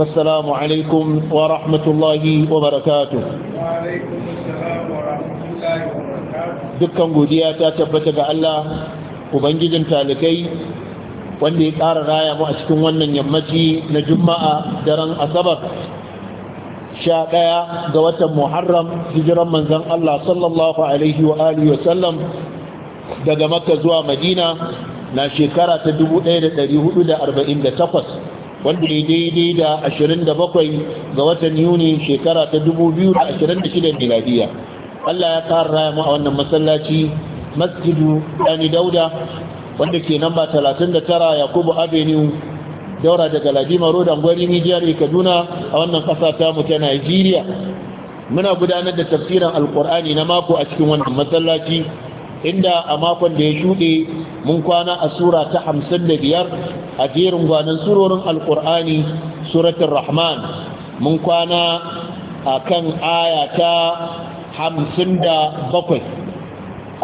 فالسلام عليكم ورحمة الله وبركاته وعليكم السلام ورحمة الله وبركاته دكا قدياتا تبتك wanda ya ƙara raya mu a cikin wannan yammaci na juma'a daren asabar sha ɗaya ga watan muharram hijiran manzan Allah sallallahu alaihi wa alihi wa sallam daga makka zuwa madina na shekara ta 1448 wanda ya daidai da 27 ga watan yuni shekara ta 2026 miladiya Allah ya kara mu a wannan masallaci masjidu dani dauda wanda ke namba 39 yakubu avenue daura daga ladima road angwari mijiyar kaduna a wannan kasa ta mu ta nigeria muna gudanar da tafsirin alkur'ani na mako a cikin wannan masallaci inda a makon da ya shuɗe mun kwana a sura ta hamsin da biyar a jerin gwanon surorin alkur'ani suratun rahman mun kwana a kan aya hamsin da bakwai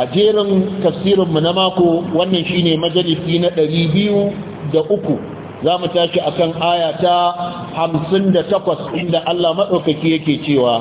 a jerin tafsirinmu na mako wannan shi ne majalisi na ɗari biyu da uku za mu tashi a kan aya hamsin da takwas inda allah maɗaukaki yake cewa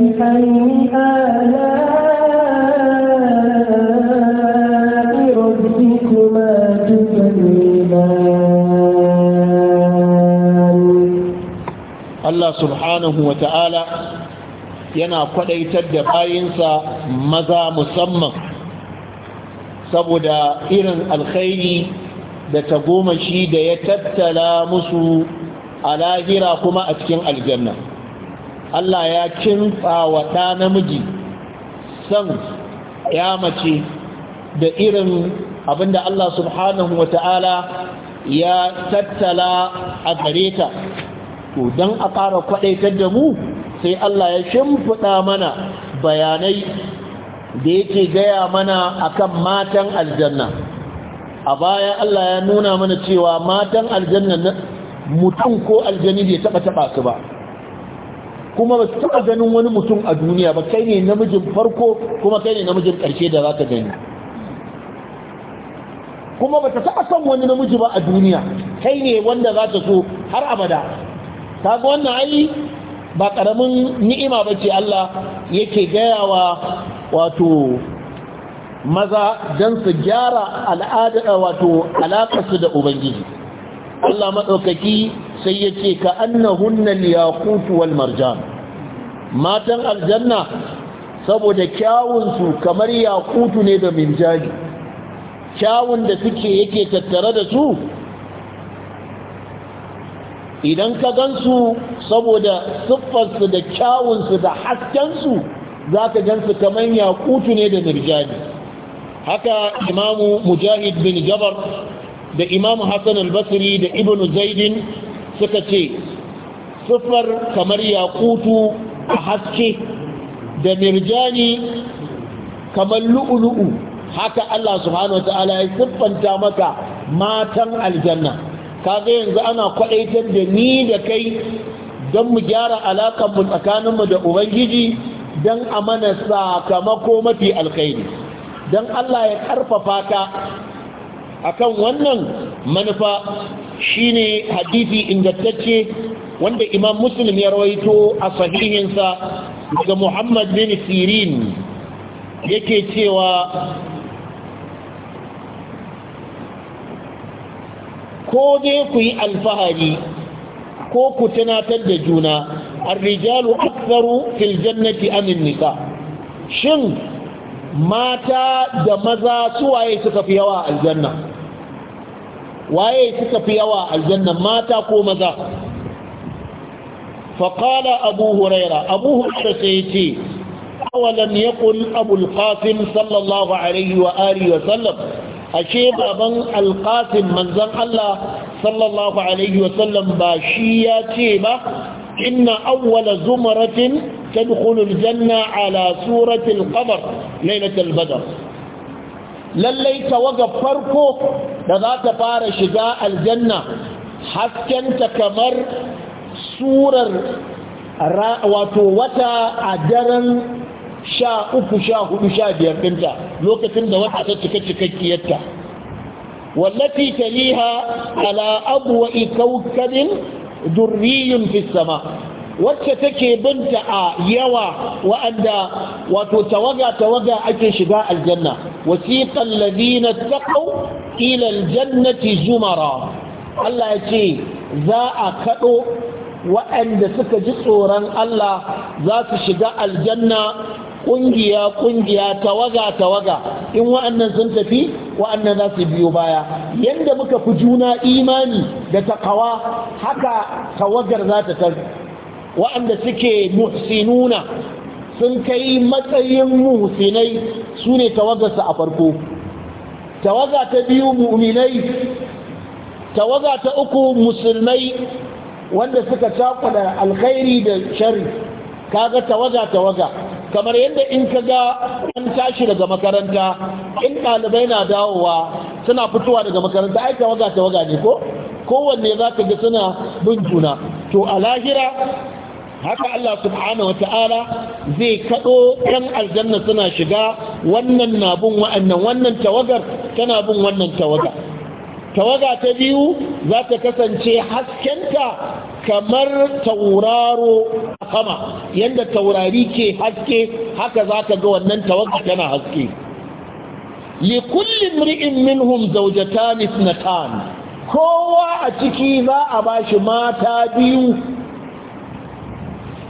فبأي آلاء ربكما تكذبان الله سبحانه وتعالى yana kwadaitar da bayinsa maza musamman saboda irin alkhairi da tagomashi da ya tattala musu a lahira kuma a cikin aljanna Allah ya kimfa wa ɗa namiji son ya mace da irin abinda Allah subhanahu wa ta'ala ya tattala a gare ta to don a ƙara kwaɗaitar da mu sai Allah ya shimfiɗa mana bayanai da yake gaya mana a kan matan aljanna a baya Allah ya nuna mana cewa matan aljanna mutum ko aljani bai taɓa taɓa su ba kuma ba su taɓa ganin wani mutum a duniya ba kai ne namijin farko kuma kai ne namijin ƙarshe da za ka gani kuma ba ta taɓa son wani namiji ba a duniya kai ne wanda za ta so har abada ta ga wannan ai ba ƙaramin ni'ima ba ce Allah yake gaya wa wato maza don su gyara al'ada wato alaƙarsu da ubangiji Allah maɗaukaki sai ya ce ka annahunna liyaqutu wal marjan matan aljanna saboda kyawunsu kamar yakutu ne da Minjani, kyawun da suke yake tattare da su idan ka gansu saboda siffarsu da kyawunsu da haskensu za ka gansu kamar yakutu ne da Minjani. haka imamu mujahid bin jabar da imamu hassan albasiri da ibn zaidin suka ce siffar kamar yakutu a haske da mirjani kamar lu'ulu'u haka Allah subhanahu wa ta'ala ya siffanta maka matan aljanna kaga yanzu ana kwadaitar da ni da kai don mu gyara tsakanin tsakaninmu da ubangiji don a mana sakamako mafi alkhairi don Allah ya ƙarfafa ka akan wannan manufa shine hadisi ingantacce wanda imam muslim ya rawaito a sahihinsa daga muhammad bin sirin yake cewa ko dai ku yi alfahari ko ku tunatar da juna arrijalu aktharu fil jannati amin nisa shin mata da maza suwaye suka fi yawa aljanna waye suka fi yawa aljanna mata ko maza faƙala abu huraira abu huraira sai ya ce awalan ya ƙun abulƙafin sallallahu alaihi wa sallam a ce baban alƙafin manzan Allah sallallahu alaihi wa sallam ba shi ya ce ba inna awwala zumaratin ta dukunin janna ala suratul qamar lailatul badr lallai tawaga farko da za ta fara shiga aljanna haskenta kamar surar wato wata a daren sha uku sha hudu sha biyar ɗinta lokacin da wata ta cika cikakkiyarta wallafi taliha ala abuwa ikaukarin durriyun fi wacce take binta a yawa wa'anda wato tawaga-tawaga ake shiga aljanna وثيق الذين اتقوا الى الجنه زمرا الله يجي za a kaɗo wa'anda suka ji tsoron Allah za su shiga aljanna ƙungiya-ƙungiya tawaga-tawaga in waɗannan sun tafi waɗannan za su biyo baya yadda muka fi juna imani da takawa haka tawagar za ta tafi waɗanda suke muhsinuna sun kai matsayin muhsinai su ne tawagarsa a farko tawaga ta biyu mu'minai tawaga ta uku musulmai wanda suka cakuda alkhairi da shari kaga tawaga tawaga kamar yadda in kaga an tashi daga makaranta in ɗalibai na dawowa suna fitowa daga makaranta ai tawaga tawaga ne ko kowanne za ka ga suna bin juna to a lahira haka Allah subhanahu Ta'ala zai kaɗo 'yan aljanna suna shiga wannan na bin wa'annan wannan tawagar tana bin wannan tawaga tawaga ta biyu za ta kasance haskenta kamar tauraro sama yadda taurari ke haske haka za ka ga wannan tawaga tana haske likulli mri'in minhum zawjatan ithnatan kowa a ciki za a bashi mata biyu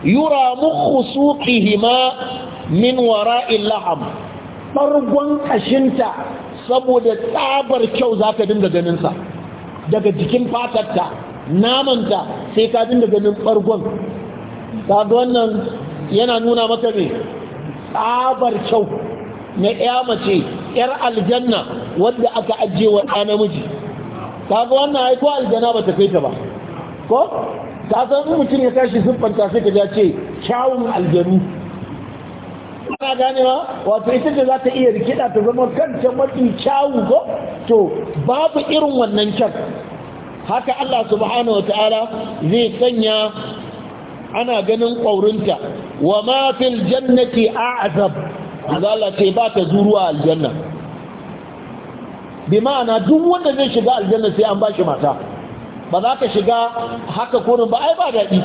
yura mukhu suqihima min wara'il laham bargon kashinta saboda tsabar kyau zaka dinga ganin sa daga jikin fatarta namanta sai ka dinga ganin bargon kaga wannan yana nuna maka ne tsabar kyau na ya mace yar aljanna wadda aka ajiye wa namiji kaga wannan ai ko aljanna ba ta kai ta ba ko ka san in mutum ya tashi siffanta sai ka ja ce kyawun aljanu ana ganewa wato ita ce za ta iya rikida ta zama kanta mafi kyawu ko to babu irin wannan kyan haka Allah subhanahu wa ta'ala zai sanya ana ganin ƙaurinta wa ma fil jannati a'zab azala ce ba ta zuruwa aljanna bi ma'ana duk wanda zai shiga aljanna sai an ba shi mata ba za ka shiga haka kurin ba ai ba daɗi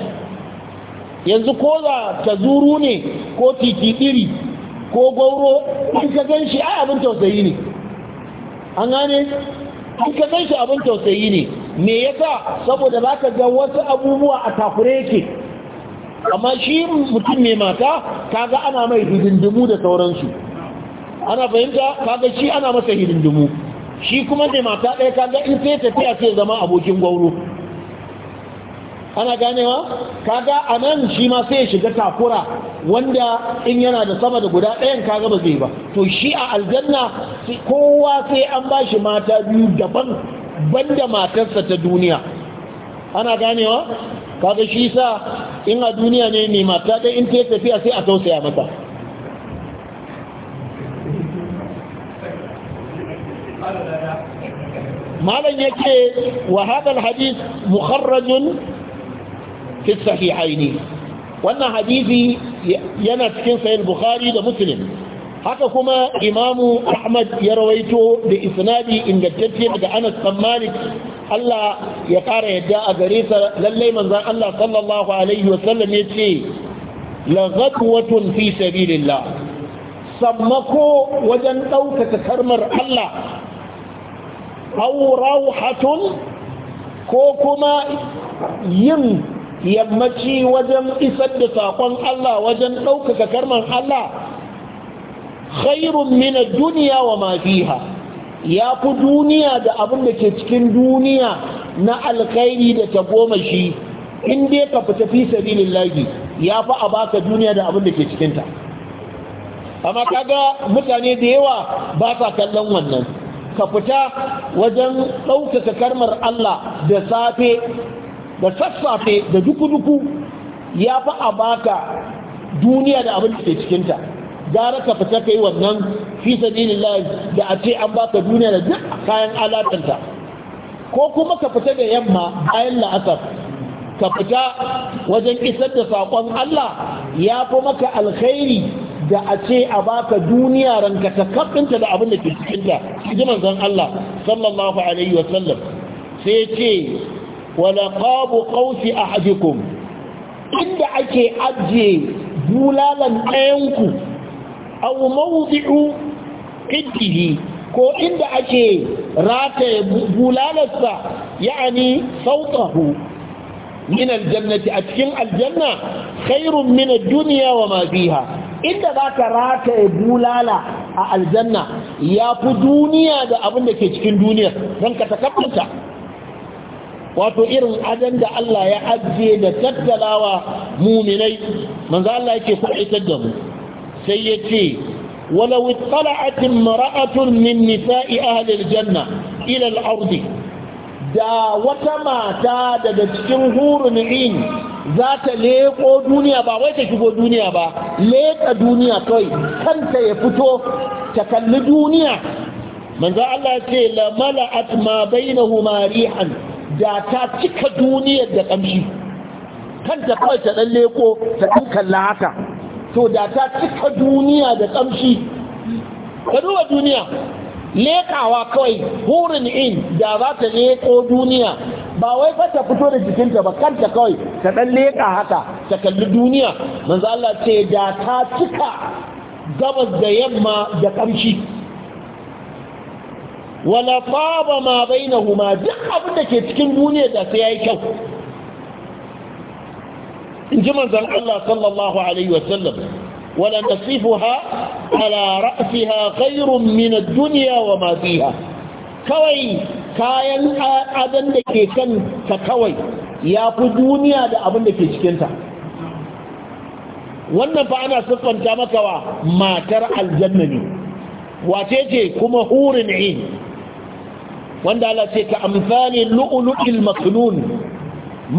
yanzu ko za ta zuru ne ko titiɗiri ko gauro in ka gan shi ai abin tausayi ne an gane in ka gan shi abin tausayi ne me ya yasa saboda za ka ga wasu abubuwa a takure yake amma shi mutum mai mata kaga ana mai hidindimu da sauransu ana fahimta kaga shi ana masa hidindimu shi kuma da mata ɗaya kaga in sai tafiya sai zama abokin gwauro ana ganewa kaga a nan shi ma sai ya shiga takura wanda in yana da sama da guda ɗayan kaga ba zai ba to shi a aljanna kowa sai an ba shi mata biyu daban banda matarsa ta duniya ana ganewa kaga shi sa in a duniya ne ne mata ɗaya in ta tafiya sai a tausaya mata malam yake wa hadis hadith mukharrajun fi sahihaini wannan hadisi yana cikin sahih bukhari da muslim haka kuma imamu ahmad ya rawaito da isnadi ingantacce daga anas bin malik Allah ya kara yadda a gare sa lallai manzon Allah sallallahu alaihi wa sallam yace la fi sabilillah sammako wajen ɗaukaka karmar Allah aw rauhatun ko kuma yin yammaci wajen isar da sakon Allah wajen ɗaukaka karman Allah khairun min duniya wa ma fiha ya fi duniya da abin da ke cikin duniya na alkhairi da tagomashi in dai ka fita fi Lagi ya fi a baka duniya da abin da ke cikinta amma kaga mutane da yawa ba sa kallon wannan ka fita wajen ɗaukaka karmar Allah da safe da sassafe da duku-duku ya fi a baka duniya da abin da ke cikinta gara ka fita ka yi wannan fi lai da a ce an baka duniya da duk kayan alatanta ko kuma ka fita da yamma bayan la'asar ka fita wajen isar da saƙon Allah ya fi maka alkhairi da a ce a baka duniya ranka ta kafinta da abin da ke cikinta ji manzon Allah sallallahu alaihi wa sallam sai ce wala qabu qawsi ahadikum inda ake ajiye bulalan ɗayanku aw mawdi'u qiddihi ko inda ake rataye bulalarsa ya'ani sautahu min aljannati a cikin aljanna khairun min ad-dunya wa ma fiha inda za ka rataye bulala a aljanna ya fi duniya da abin da ke cikin duniyar don ka takabbata wato irin adon da Allah ya ajiye da tattalawa muminai manzo Allah yake kwaitar da mu sai ya ce walau ittala'at imra'atun min nisa'i ahli aljanna ila al-ard da wata mata daga cikin hurun in za ta leƙo duniya ba wai ta shigo duniya ba Leƙa duniya kai kanta ya fito ta kalli duniya manzo Allah ce la mala'at ma bainahuma rihan da ta cika duniyar da kamshi kanta kawai ta dan leƙo, ta dan kalla haka to da ta cika duniya da kamshi ka duba duniya lekawa kawai hurin in da za ta leƙo duniya ba wai fa ta fito da jikinta ba kanta kawai ta dan leka haka ta kalli duniya manzo Allah ce da ta cika gabas da yamma da kamshi wala taba ma bainahuma duk abin da ke cikin duniya da sai yayi kyau in ji manzon Allah sallallahu alaihi wasallam wala nasifuha ala ra'siha khairun min ad-dunya wa ma fiha kawai kayan adan da ke kan ka kawai ya fi duniya da abin da ke cikinta wannan fa ana siffanta maka wa matar aljanna ne wace ce kuma hurin in wanda ala ce ka amfani lu'ulu'il maknun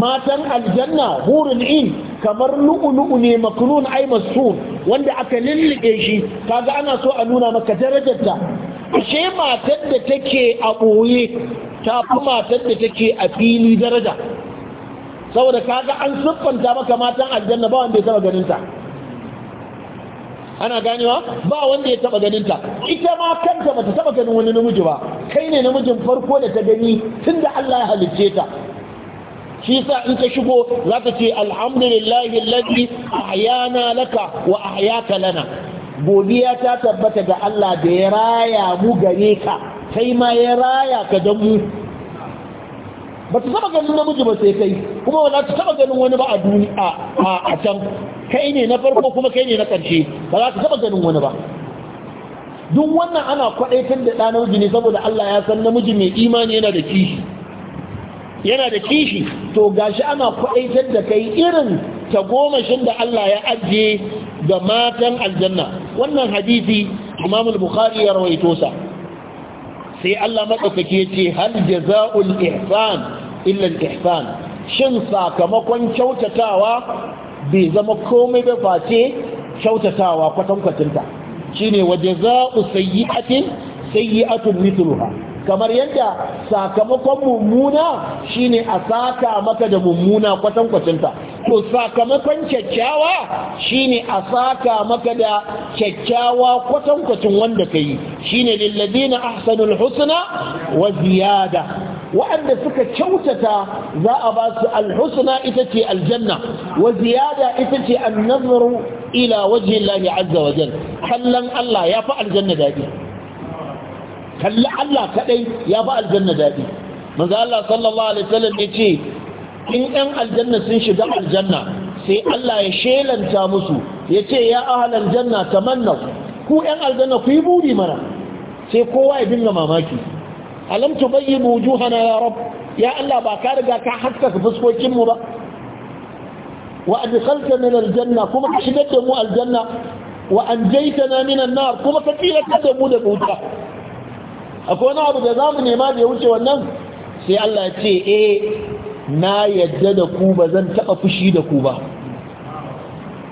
matan aljanna hurin in kamar lu'ulu'u ne maknun ai masun wanda aka lullube shi kaga ana so a nuna maka darajarta ashe matar da take a ɓoye ta fi matar da take a fili daraja saboda kaga an siffanta maka matan aljanna ba wanda ya taba ganinta ana ganewa ba wanda ya taba ganinta ita ma kanta bata taba ganin wani namiji ba kai ne namijin farko da ta gani tun da Allah ya halicce ta shi sa in ka shigo za ka ce alhamdulillahi alladhi ahyana laka wa ahyaka lana godiya ta tabbata ga Allah da ya raya mu gare ka kai ma ya raya ka don mu ba ta saba ganin namiji ba sai kai kuma ba ta saba ganin wani ba a duniya a can kai ne na farko kuma kai ne na ƙarshe ba za ta saba ganin wani ba duk wannan ana kwadaitar da ɗa namiji ne saboda Allah ya san namiji mai imani yana da kishi yana da kishi to gashi ana kwadaitar da kai irin ta goma shin da Allah ya ajiye ga matan aljanna wannan hadisi imamul bukhari ya rawaito sa sai Allah madaukake ce hal jazaa'ul ihsan illa al-ihsan shin sakamakon kyautatawa bai zama komai ba face kyautatawa kwatankwacinta shine wa jazaa'u sayyi'atin sayyi'atun mithluha kamar yadda sakamakon mummuna shine a saka maka da mummuna kwatankwacinta to sakamakon kyakkyawa shine a saka maka da kyakkyawa kwatankwacin wanda ka yi shine lillazina ahsanul husna wa ziyada suka kyautata za a ba su alhusna ita ce aljanna wa ziyada ita ce annazaru ila wajhi Allah azza wajen kallon Allah ya fi aljanna daɗi. kalli Allah kadai ya ba aljanna daɗi manzo Allah sallallahu alaihi wasallam ya ce in ɗan aljanna sun shiga aljanna sai Allah ya shelanta musu ya ce ya ahalan janna tamanna ku ɗan aljanna ku yi buri mara sai kowa ya dinga mamaki alam tubayyinu wujuhana ya rab ya Allah ba ka riga ka haskaka fuskokin mu ba wa adkhaltana aljanna kuma ka shigar da mu aljanna wa anjaytana minan nar kuma ka tsira da mu daga wuta akwai wani abu da za mu nema da ya wuce wannan sai Allah ce eh na yadda da ku ba zan taɓa fushi da ku ba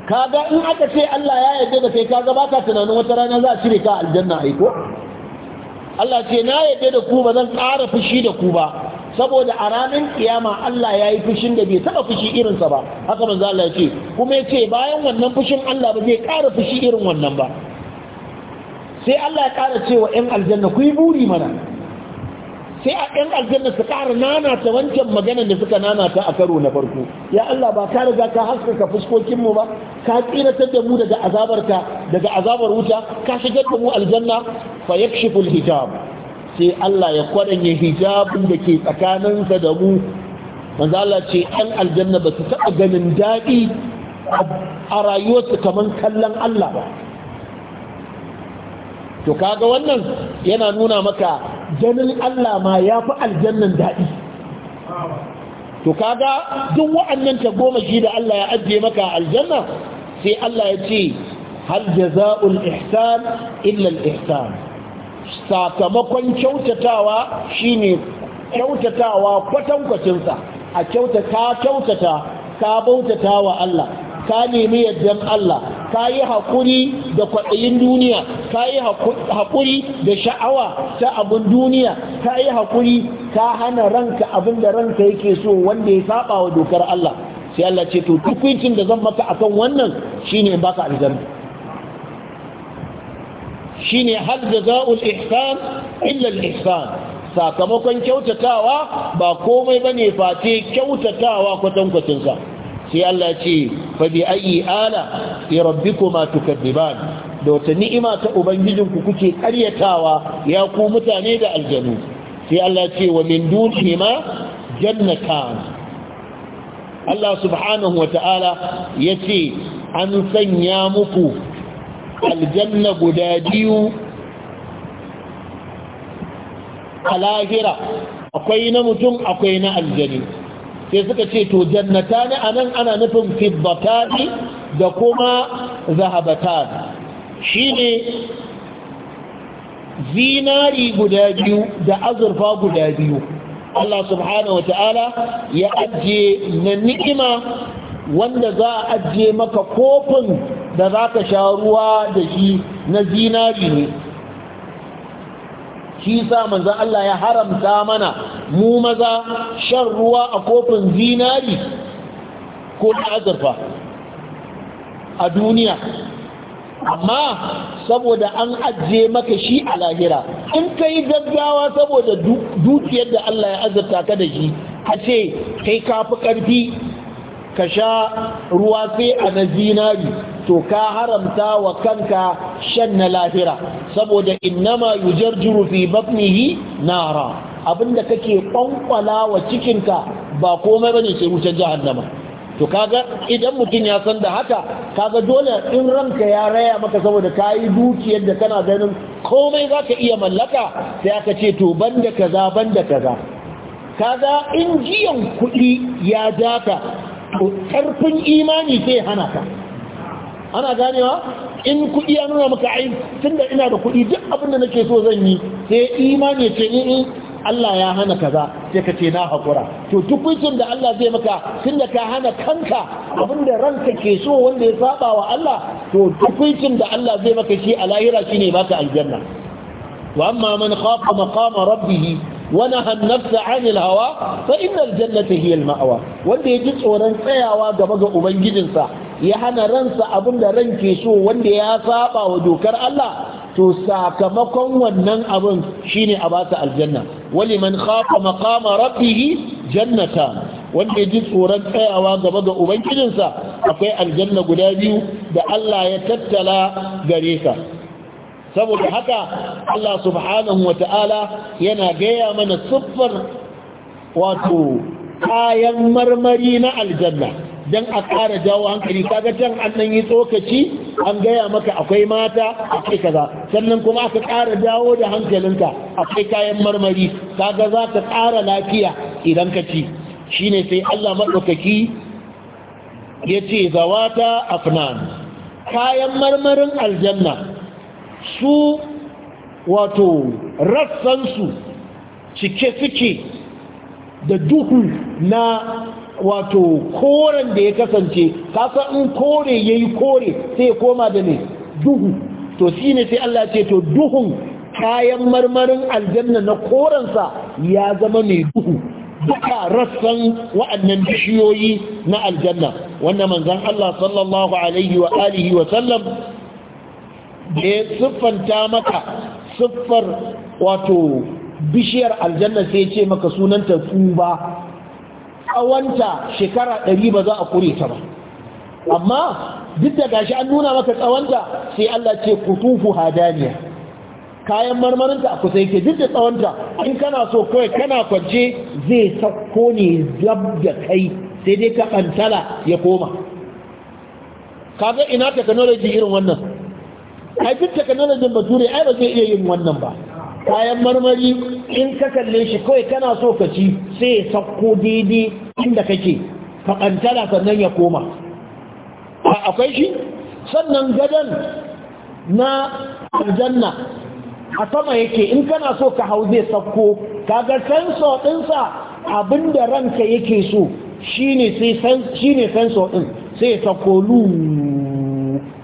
kaga in aka ce Allah ya yadda da kai kaga baka tunanin wata rana za a cire ka aljanna aiko Allah ce na yadda da ku ba zan ƙara fushi da ku ba saboda a ranar kiyama Allah ya yi fushin da bai taɓa fushi irinsa ba haka manzo Allah ya ce kuma ya ce bayan wannan fushin Allah ba zai ƙara fushi irin wannan ba sai Allah ya ƙara cewa ‘yan aljanna ku yi buri mana sai a ‘yan aljanna su ƙara nanata wancan maganar da suka nanata a karo na farko ya Allah ba ka riga ka haskaka fuskokinmu ba ka tsiratar da mu daga azabarka daga azabar wuta ka shigar da mu aljanna fa yakshiful hijab sai Allah ya kwadanye hijabin da ke tsakaninsa da mu manzo Allah ce ‘yan aljanna ba su taɓa ganin daɗi a rayuwarsu kamar kallon Allah ba to kaga wannan yana nuna maka janin Allah ma ya fi aljannan daɗi to kaga duk wa'annan ta goma shi da Allah ya ajiye maka aljanna sai Allah ya ce hal jaza'ul ihsan illa al ihsan sakamakon kyautatawa shine kyautatawa kwatankwacin sa a kyautata kyautata ka bautata wa Allah ka nemi yaddan Allah ka yi haƙuri da kwaɗayin duniya ka yi haƙuri da sha'awa ta abin duniya ka yi haƙuri ka hana ranka abin da ranka yake so wanda ya saba wa dokar Allah sai Allah ce to hukuncin da zan maka akan wannan shine in baka aljanna shine hal jazaa'ul ihsan illa al ihsan sakamakon kyautatawa ba komai bane face kyautatawa kwatankwacin sa sai Allah ce fa bi ayi ala fi rabbikuma tukadiban da wata ni'ima ta ubangijin ku kuke karyatawa ya ku mutane da aljanu sai Allah ce wa min dunihi ma jannatan Allah subhanahu wa ta'ala ya ce an sanya muku aljanna guda biyu a lahira akwai na mutum akwai na aljani sai suka ce to jannata ne a nan ana nufin fiddatani da kuma zahabatan shi ne zinari guda biyu da azurfa guda biyu Allah subhanahu wata'ala ya ajiye na ni'ima wanda za a ajiye maka kofin da za ka sha ruwa da shi na zinari ne shi sa manzan Allah ya haramta mana mu maza shan ruwa a kofin zinari ko na azurfa a duniya amma saboda an ajiye maka shi a lahira in ka yi gaggawa saboda dukiyar da Allah ya azurta ka da shi a ce kai kafi ƙarfi ka sha ruwa sai a na zinari to ka haramta wa kanka shan na lahira saboda innama yujarjiru fi batnihi nara abinda kake kwankwala wa cikinka ba komai bane sai wutar jahannama to kaga idan mutum ya san da haka kaga dole in ranka ya raya maka saboda kayi dukiyar da kana ganin komai zaka iya mallaka sai aka ce to banda kaza banda kaza kaga in jiyan kuɗi ya daka to ƙarfin imani sai hana ka ana ganewa in kuɗi ya nuna maka ai da ina da kuɗi duk abin da nake so zan yi sai imani ce in eh, eh, Allah ya hana kaza sai ka ce na hakura, to duk da Allah zai maka da ka hana kanka abin da ranka ke so wanda ya saba wa Allah to duk da Allah zai maka shi a lahira shine baka aljanna wa amma man khafa maqama rabbih ونهى النفس عن الهوى فإن الجنة هي المأوى wanda ya ji tsoron tsayawa gaba ga ubangijinsa ya hana ransa abin da ran ke so wanda ya saba wa dokar Allah to sakamakon wannan abin shine a basa aljanna wali man khafa maqama rabbih jannata wanda ya ji tsoron tsayawa gaba ga ubangijinsa akwai aljanna guda biyu da Allah ya tattala gare ka saboda haka Allah subhanahu wata'ala yana gaya mana siffar wato kayan marmari na aljanna don a ƙara jawo hankali kaga can an ɗan yi tsokaci an gaya maka akwai mata akwai kaza sannan kuma aka ƙara dawo da hankalinka akwai kayan marmari kaga za ka ƙara lafiya idan ka ci shine sai Allah maɗaukaki ya ce zawata afnan kayan marmarin aljanna su wato rassansu cike suke da duhu na wato koren da ya kasance kasa in kore ya yi kore sai koma da ne duhu to shi ne sai Allah ce to duhun kayan marmarin aljanna na korensa ya zama mai duhu duka rassan wa'annan bishiyoyi na aljanna wannan manzan Allah sallallahu alaihi wa alihi wa sallam da ya siffanta maka siffar wato bishiyar aljanna sai ya ce maka sunanta tuba tsawonta shekara ɗari ba za a kure ta ba amma duk da gashi an nuna maka tsawonta sai Allah ce kutufu hadaniya kayan marmarinta a kusa yake duk da tsawonta in kana so kawai kana kwance zai sauko ne zab da kai sai dai ka ɓantala ya koma kaga ina technology irin wannan ai duk technology bature ai ba zai iya yin wannan ba kayan marmari in ka kalle shi kawai kana so ka ci sai ya sauko daidai inda kake kantara sannan ya koma akwai shi sannan gadon na aljanna a sama yake in kana so ka hau zai sauko kaga sensor ɗinsa abinda ranka yake so shine sensor din sai ya sauko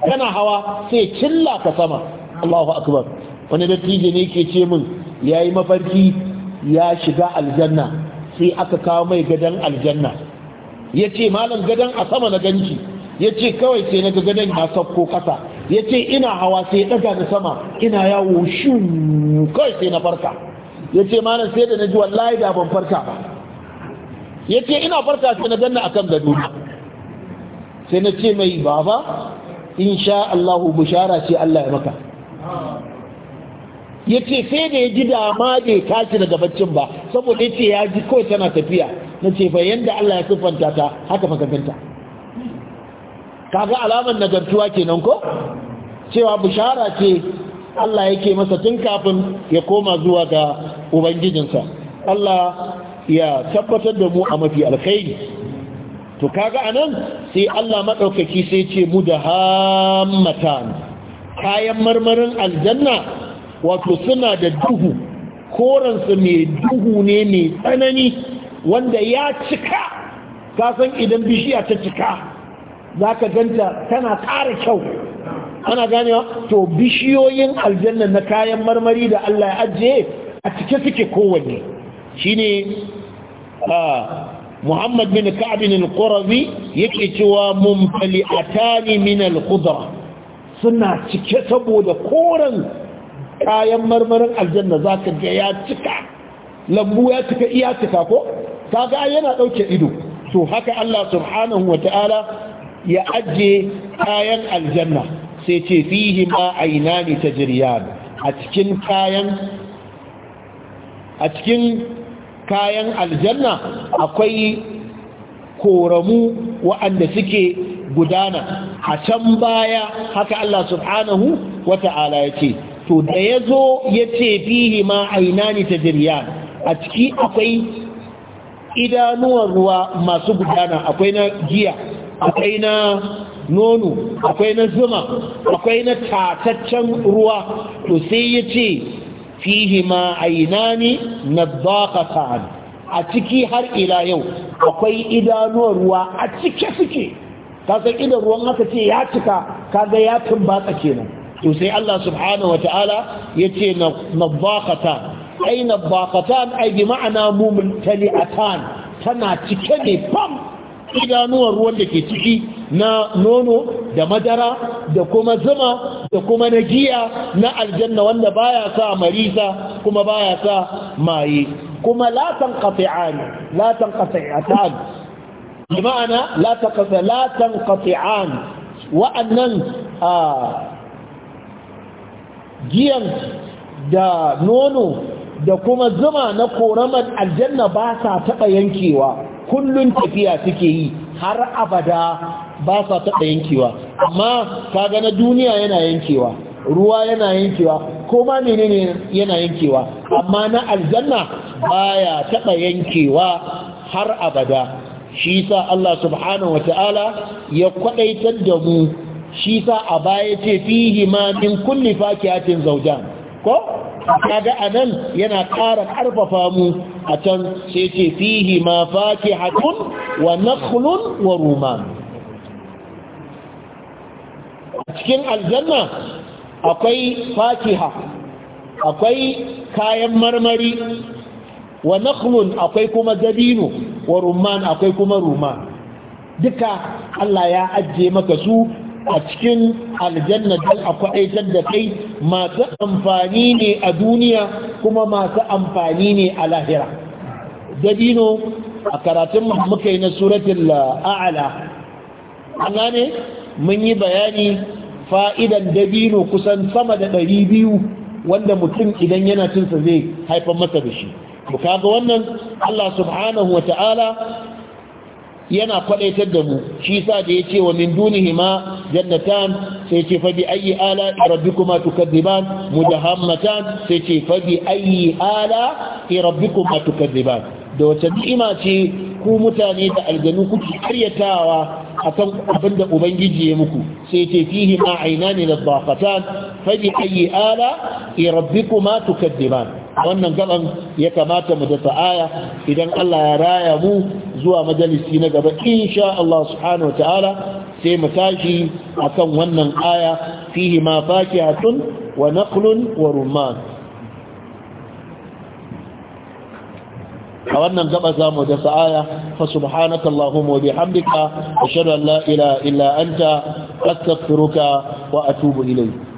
kana hawa sai cilla ka sama Allahu akbar wani dattijo ne ke ce min yayi mafarki ya shiga aljanna sai aka kawo mai gadan aljanna yace malam gadan a sama na ganci yace kawai sai na ga gadan ya sauko kasa yace ina hawa sai daga na sama ina yawo shi. kawai sai na farka yace malam sai da naji wallahi da ban farka ba yace ina farka sai na ganna akan gado sai na ce mai baba in sha Allahu bushara ce Allah ya maka Ya ce sai da ya ji dama bai kashi daga baccin ba saboda ya ce ya ji kawai tana tafiya ce fa yanda Allah ya siffanta ta haka fa kaga alamar nagartuwa kenan ko cewa bushara ce Allah yake masa tun kafin ya koma zuwa ga ubangijinsa Allah ya tabbatar da mu a mafi alkhairi to kaga anan sai Allah madaukaki sai ce mudahammatan kayan marmarin aljanna wato suna da duhu su mai duhu ne mai tsanani wanda ya cika Ka san idan bishiya ta cika zaka ganta tana ƙara kyau ana ganewa to bishiyoyin aljanna na kayan marmari da Allah ya ajiye a cike suke kowanne shine a ah, muhammad bin ka'abin al yake cewa mumtali'atani min al-khudra suna cike saboda koren kayan marmarin aljanna zaka ga ya cika lambu ya cika iya cika ko kaga yana ɗauke ido to haka Allah subhanahu ta'ala ya ajiye kayan aljanna sai ce fihi ma ainani tajriyan a cikin kayan a cikin kayan aljanna akwai koramu wa'anda suke gudana a can baya haka Allah subhanahu wa ta'ala ya ce to da ya zo ya ce fihi ma ainani ta jirya a ciki akwai idanuwan ruwa masu gudana akwai na giya akwai na nono akwai na zuma akwai na tataccen ruwa to sai ya ce fihi ma ainani nadaqatan a ciki har ila yau akwai idanuwar ruwa a cike suke ka san idan ruwan aka ce ya cika kaga ya tumbatsa kenan to sai Allah subhanahu wataala yace nadaqatan ai nadaqatan ai bi ma'ana mumtali'atan tana cike ne fam idanuwan ruwan da ke ciki na nono da madara da kuma zuma da kuma na giya na aljanna wanda baya sa marisa kuma baya sa maye kuma la tanqati'an wa'annan giyan da nono da kuma zuma na koramar aljanna ba sa taɓa yankewa Kullum tafiya suke yi har abada ba sa taɓa yankewa amma kaga na duniya yana yankewa ruwa yana yankewa ko ma menene yana yankewa amma na aljanna baya taɓa yankewa har abada shi sa Allah subhanahu wata'ala ya kwadaitar da mu shi sa a baya ce fihi ma min kulli fakiyatin zaujan, ko kaga anan yana ƙara ƙarfafa mu a can sai ce fihi ma fakihatun wa nakhlun wa ruman a cikin aljanna akwai Fatiha akwai kayan marmari wa nakhlun akwai kuma dabino wa rumman akwai kuma ruman duka Allah ya ajiye maka su a cikin aljanna don a kwaɗaitar da kai masu amfani ne a duniya kuma masu amfani ne a lahira dabino a karatun muka yi na suratun a'ala Allah ne mun yi bayani fa'idan dabino kusan sama da ɗari biyu wanda mutum idan yana cinsa zai haifar masa da shi ga wannan Allah subhanahu wa ta'ala yana kwadaitar da mu shi sa da ya wa min dunihima jannatan sai ce fa ayi ala rabbikuma tukadiban mudahammatan sai ce fa ayi ala rabbikuma tukadiban da wata ni'ima ce ku mutane da aljanu kuke karyatawa akan abin da ubangiji ya muku sai ce fihi ma ainani ladhaqatan fa ayi ala rabbikuma tukadiban wannan gaban ya kamata mu dasa aya idan Allah ya raya mu zuwa majalisi na gaba insha Allah subhanahu sai mu tashi akan wannan aya fihi ma fakihatun wa naqlun wa rumman a wannan gaba za mu dasa aya fa subhanaka allahumma wa bihamdika ashhadu an la ilaha illa anta astaghfiruka wa atubu ilayk